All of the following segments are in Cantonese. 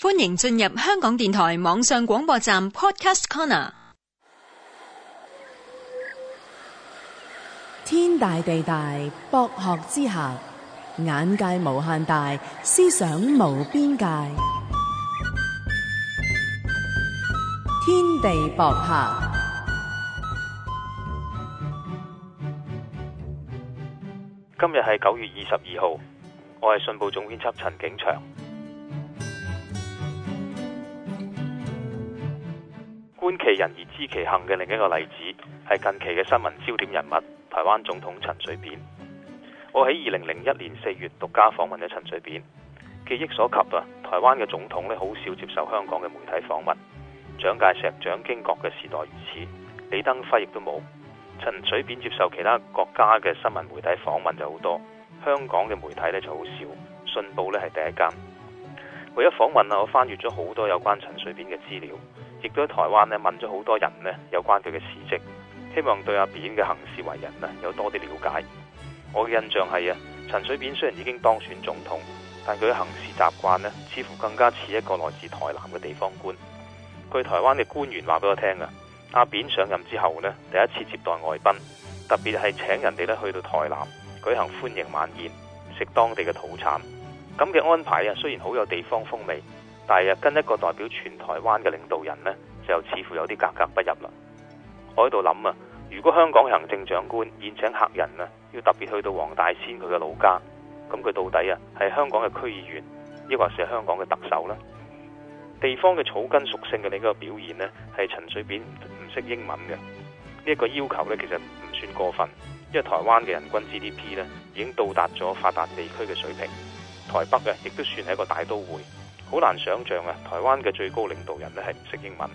歡迎進入香港電台網上廣播站 Podcast Corner。天大地大，博學之下，眼界無限大，思想無邊界。天地博客。今日係九月二十二號，我係信報總編輯陳景祥。觀其人而知其行嘅另一個例子，係近期嘅新聞焦點人物台灣總統陳水扁。我喺二零零一年四月獨家訪問咗陳水扁，記憶所及啊，台灣嘅總統呢好少接受香港嘅媒體訪問，蔣介石、蔣經國嘅時代如此，李登輝亦都冇，陳水扁接受其他國家嘅新聞媒體訪問就好多，香港嘅媒體呢就好少，信報呢係第一間。為咗訪問啊，我翻閱咗好多有關陳水扁嘅資料。亦都喺台灣咧問咗好多人咧有關佢嘅事蹟，希望對阿扁嘅行事為人啊有多啲了解。我嘅印象係啊，陳水扁雖然已經當選總統，但佢嘅行事習慣咧似乎更加似一個來自台南嘅地方官。據台灣嘅官員話俾我聽啊，阿扁上任之後咧第一次接待外賓，特別係請人哋咧去到台南舉行歡迎晚宴，食當地嘅土產。咁嘅安排啊，雖然好有地方風味。但係啊，跟一個代表全台灣嘅領導人呢，就似乎有啲格格不入啦。我喺度諗啊，如果香港行政長官宴請客人呢，要特別去到黃大仙佢嘅老家，咁佢到底啊係香港嘅區議員，抑或是香港嘅特首呢？地方嘅草根屬性嘅呢個表現呢，係陳水扁唔識英文嘅。呢個要求呢，其實唔算過分，因為台灣嘅人均 GDP 呢，已經到達咗發達地區嘅水平，台北呀亦都算係一個大都會。好難想象啊！台灣嘅最高領導人係唔識英文，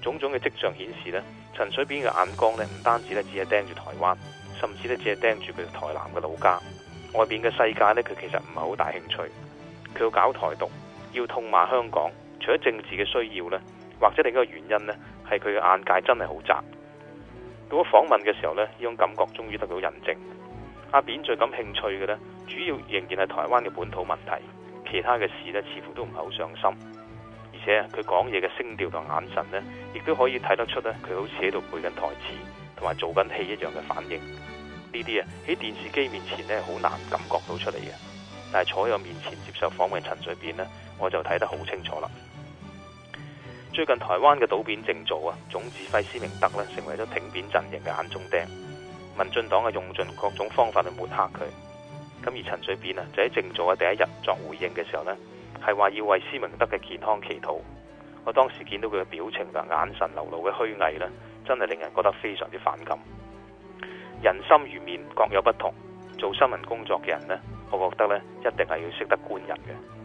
種種嘅跡象顯示呢，陳水扁嘅眼光呢，唔單止呢，只係盯住台灣，甚至呢，只係盯住佢台南嘅老家，外面嘅世界呢，佢其實唔係好大興趣。佢要搞台獨，要痛罵香港，除咗政治嘅需要呢，或者另一個原因呢，係佢嘅眼界真係好窄。到我訪問嘅時候呢，呢種感覺終於得到印證。阿扁最感興趣嘅呢，主要仍然係台灣嘅本土問題。其他嘅事咧，似乎都唔係好上心，而且佢講嘢嘅聲調同眼神咧，亦都可以睇得出咧，佢好似喺度背緊台詞，同埋做緊戲一樣嘅反應。呢啲啊喺電視機面前咧，好難感覺到出嚟嘅，但係坐喺我面前接受訪問陳水扁咧，我就睇得好清楚啦。最近台灣嘅倒扁正做啊，總指揮施明德咧，成為咗挺扁陣營嘅眼中釘，民進黨啊用盡各種方法去抹黑佢。咁而陳水扁啊，就喺靜坐嘅第一日作回應嘅時候呢，係話要為施明德嘅健康祈禱。我當時見到佢嘅表情啊，眼神流露嘅虛偽呢，真係令人覺得非常之反感。人心如面，各有不同。做新聞工作嘅人呢，我覺得呢一定係要識得觀人嘅。